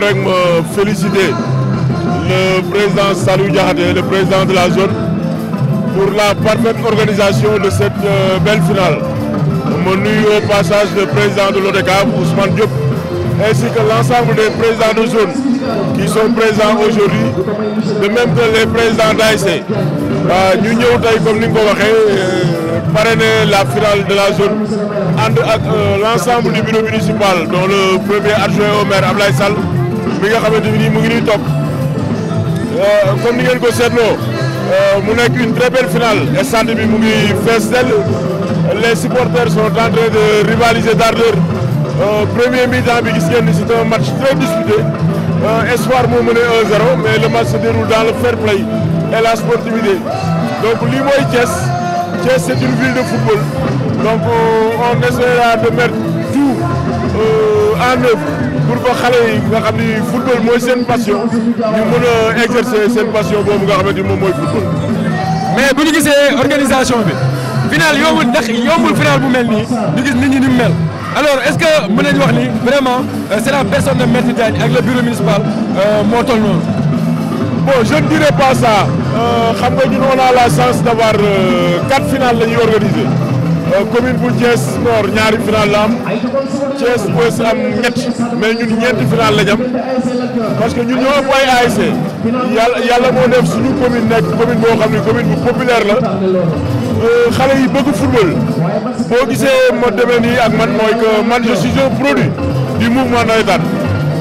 d'abord rek ma le président Salou Diakhaté le président de la zone pour la parfaite organisation de cette euh, belle finale ma nuyu au passage le président de l'ODCAV Ousmane Diop ainsi que l'ensemble des présidents de zone qui sont présents aujourd'hui de même que les présidents d'ASC waaw ñu ñëw tey comme ni nga ko waxee euh, parrainer la finale de la zone ànd ak euh, l'ensemble du bureau municipal dont le premier adjoint au maire Ablaye Sall mi nga xamante ni mu ngi ñuy topp euh, comme ni ngeen ko seetloo euh, mu nekk une très belle finale stade bi mu ngi fees les supporters son en train de rivaliser d'ardeur euh, premier mi-temps bi gis ngeen ni c'est un match très disputé Espoir moo mené 1-0 mais le match se déroule dans le fair play et la sportivité donc lii mooy Thiès Thiès c'est une de football donc on essaiera de mettre tout en pour que xale yi nga xam ni football mooy seen passion ñu mën a exercer seen passion boobu nga xamante ni moom mooy football. mais bu ñu gisee organisation bi final yombul ndax yombul final bu mel nii ñu gis nit ñi ni mu mel alors est-ce que mën nañu wax ni vraiment euh, c'est la personne de Maître Diagne ak le bureau municipal euh, moo toll noonu. bon je ne dirais pas ça euh, xam nga ñun la chance d'avoir quatre finales la ñuy Euh, commune bu Thiès Nord ñaari final la am Thiès Ouest am ñett mais ñun ñeenti final la jam parce que ñun ñoo ëpp ay ASC yàlla yàlla moo def suñu commune nekk commune boo xam ne commune bu populaire la euh, xale yi bëgg football boo gisee ma demee nii ak man mooy que man je suis un produit du mouvement navétane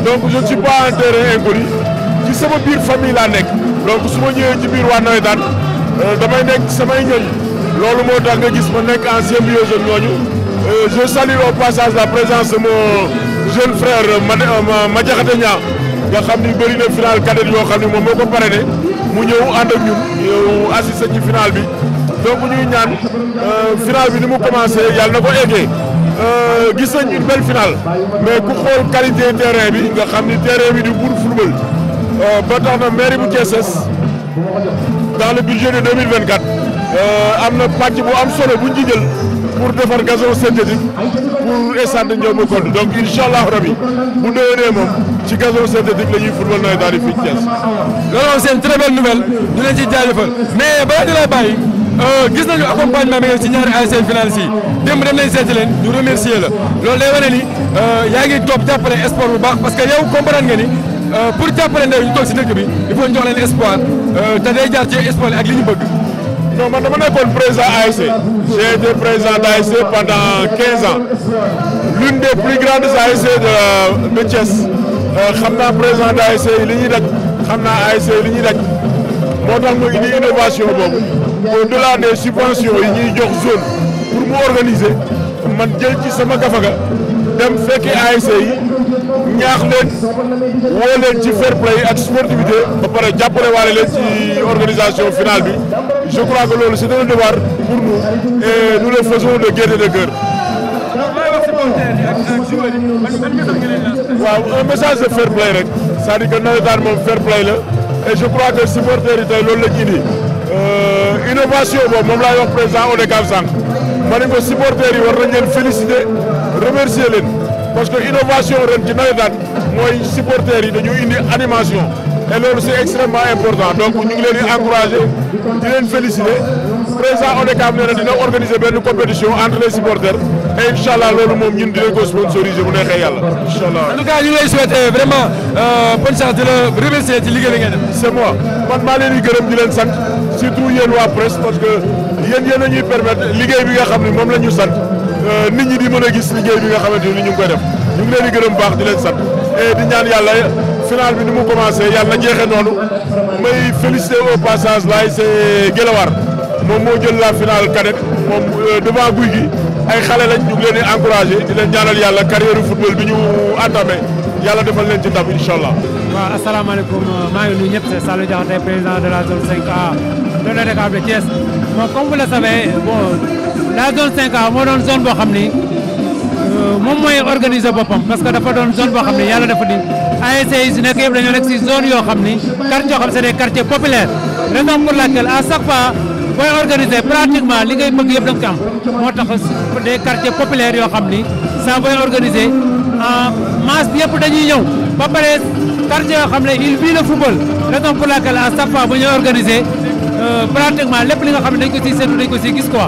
donc je ne suis pas un terrain inconnu laa nekk donc su ma ñëwee ci biir waa navétane euh, damay nekk samay ñoñ loolu moo tax nga gis ma nekk en symbiose ak ñooñu euh, je passage la présence sama jeune frère euh, ma jaxate ñaa nga xam ni bëri na final cadet yoo xam ni moom moo ko parrainé mu ñëw ànd ak ñun ñëw assisté final bi donc ñuy ñaan euh, final bi ni mu commencé yàlla na ko eggee gis nañ une mais ku xool qualité terrain bi nga xam ni terrain bi du pour football ba tax na bu Thiès dans le budget de 2024 Euh, am na pàcc bu am solo bu ñu jël pour defar gazon synthétique pour stade Ndiobou Koldou donc incha allah rabi bu déwénee moom ci gazon synthétique la ñuy football nawet daal di fii Thiès. loolu c'est une très belle nouvelle ñu leen ciy jaajëfal mais balaa ñu lay bàyyi euh, gis nañu accompagnement bi nga ci ñaari ASC finance yi démb dem nañ seeti leen ñu remercier la loolu day wane ni euh, yaa ngi topp jàppale sport bu baax parce que yow comprendre nga ni. pour jàppale ndaw ñu si dëkk bi il faut ñu jox leen espoir ñu bëgg non man dama nekkoon président ASC j'ai été président d'ASC pendant 15 l'une des plus grandes ASC de de Thiès euh, xam na président d'ASC yi li ñuy daj xam naa ASC yi li ñuy daj moo tax mu indi innovation boobu au-delà des subventions yi ñuy jox zone pour mu organiser man jël ci sama gafaga dem fekki ASC yi ñaax leen woo leen ci fair play ak sportivité ba pare jàppale waale leen ci organisation finale bi je crois que loolu si un devoir pour nous et nous le faisons de gaieté de cœur. waaw un message de fair play rek c'est-à-dire que moom fair play la et je crois que supporters yi tey loolu lañu indi euh, innovation boobu moom laay wax président Odeka Sànq ma ne ko yi war nañ leen féliciter. remercier leen parce que innovation ren ci nawetaan mooy supporters yi dañu indi animation et loolu c'est extrêmement important donc ñu ngi leen di encourager di leen féliciter président ODCAV nee na dina organiser benn compétition entre les supporters et incha allah loolu moom ñun dinañ ko sponsoriser bu neexee yàlla incha allah. ñu di la euh, remercier ci liggéey bi ngeen def. c'est moi man maa leen di gërëm di leen sant surtout yéen waa presse parce que yéen yéen a ñuy liggéey bi nga xam ne moom la ñu sant. Euh, nit ñi di mën a gis liggéey bi nga xamante ni ñu ngi koy def ñu ngi leen di gërëm baax di leen sant et di ñaan yàlla final bi ni mu commencé yàlla na jeexee noonu may félicité au passage laay c'est moom moo jël la finale cadette moom euh, devant guy gi ay xale lañ ñu ngi leen di encouragé di leen ñaanal yàlla carrière football bi ñu entamé yàlla defal leen ci ndam incha allah. waaw asalaamaaleykum maa ngi nuyu ñëpp c'est Saliou président de la zone 5A de la Dakar de Thiès bon la zone 5A moo doon zone boo xam ni euh, moom mooy organiser boppam parce que dafa doon zone boo xam ni yàlla dafa di ASC yi si nekk yëpp dañoo nekk si zone yoo xam ni quartier yoo xam c'est des quartiers populaires raison pour laquelle à chaque fois booy organiser pratiquement li ngay bëgg yëpp da nga moo tax des quartiers populaires yoo xam ni saa booy organiser en masse yëpp dañuy ñëw ba pare quartier yoo xam ne il vit le football raison pour laquelle à chaque fois bu ñuy organiser euh, lépp li nga xam ne dañ ko siy seetlu dañ gis quoi.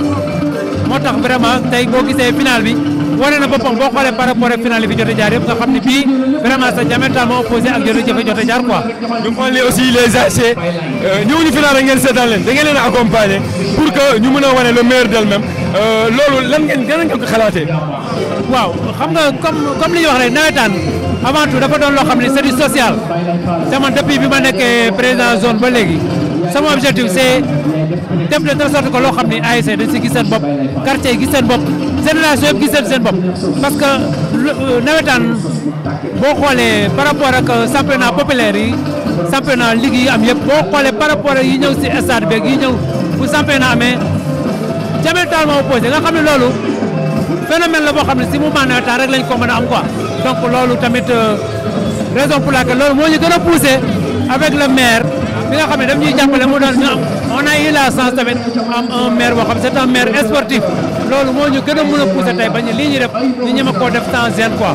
moo tax vraiment tey boo gisee final bi wane na boppam boo xoolee par rapport ak final bi jot a jaar yëpp nga xam ne bii vraiment sa diamétralement moo opposé ak jot a jaar quoi. ñu xool ne aussi les ASC euh, ngeen seetaan da ngeen leen a accompagner pour que ñu mën a wane le meilleur d'elle-même euh, loolu lan ngeen gën a ko xalaatee. waaw xam li ñu wax rek nawetaan avant tout dafa doon loo xam ne c'est du social te bi ma nekkee président zone ba léegi. sama objectif c'est def de telle sorte que loo xam ne ASC dañ si gis seen bopp quartier yi gis seen bopp génération yëpp gis seen seen bopp parce que euh, nawetaan boo xoolee par rapport ak euh, championnat populaire yi championnat ligue yi am yëpp boo xoolee par rapport yi ñëw si stade beeg yi ñëw bu championnat amee jamel taal moo opposé nga xam ne loolu phénomène la boo xam ne si mouvement nawetaan rek lañ ko mën a am quoi donc loolu tamit euh, raison pour laquelle loolu moo ñu la a avec bi nga xam ne daf ñuy jàppale mu doon ñu am on a eu la chance am un maire boo xam c'est un maire sportif loolu moo ñu gën a mën a pousser bañ lii ñu def ñu ñem koo def sans gêne quoi.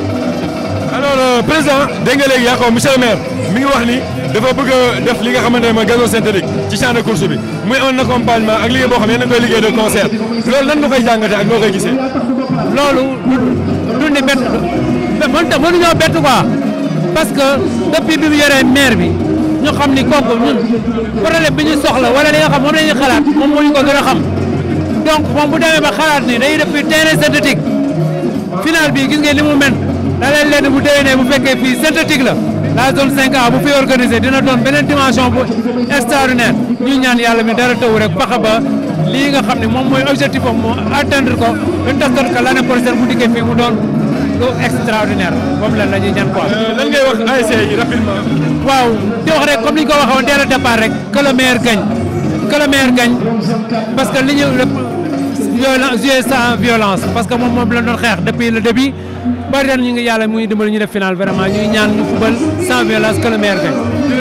alors euh, président dégg léegi yaa ko monsieur le maire mi wax ni dafa bëgg def li nga xamante ne mooy gazon ci champ course bi muy un accompagnement ak liggéey boo xam ne yéen koy liggéey de concert loolu nan koy jàngatee ak noo koy gisee. loolu du bett mënuñoo que depuis bi bi. ñu xam ni kooku ñun problème bi ñu soxla wala li nga xam moom la ñuy xalaat moom moo ñu ko gën a xam donc moom bu demee ba xalaat ni day def fii terrain synthétique final bi gis ngeen li mu mel da leen leen bu déwénee bu fekkee fii synthétique la la zone 5A bu fi organisé dina doon beneen dimension bu extraordinaire ñu ñaan yàlla mi dara taw rek baxa ba lii nga xam ne moom mooy objectif am mu atteindre ko luñ tax ko l'année prochaine bu dikkee fii mu doon. lu extraordinaire moom lan la ñuy ñaan quoi. Euh, lan ngay wax ASC waaw di wax rek comme ni ñu ko waxoon dès le départ rek que le maire gagne parce que li ñu violence jouer sans violence parce que moom moom la doon xeex depuis le début bari na ñu ngi yàlla muy dimbali ñu def final vraiment ñuy ñaan ñu fubal sans violence que le maire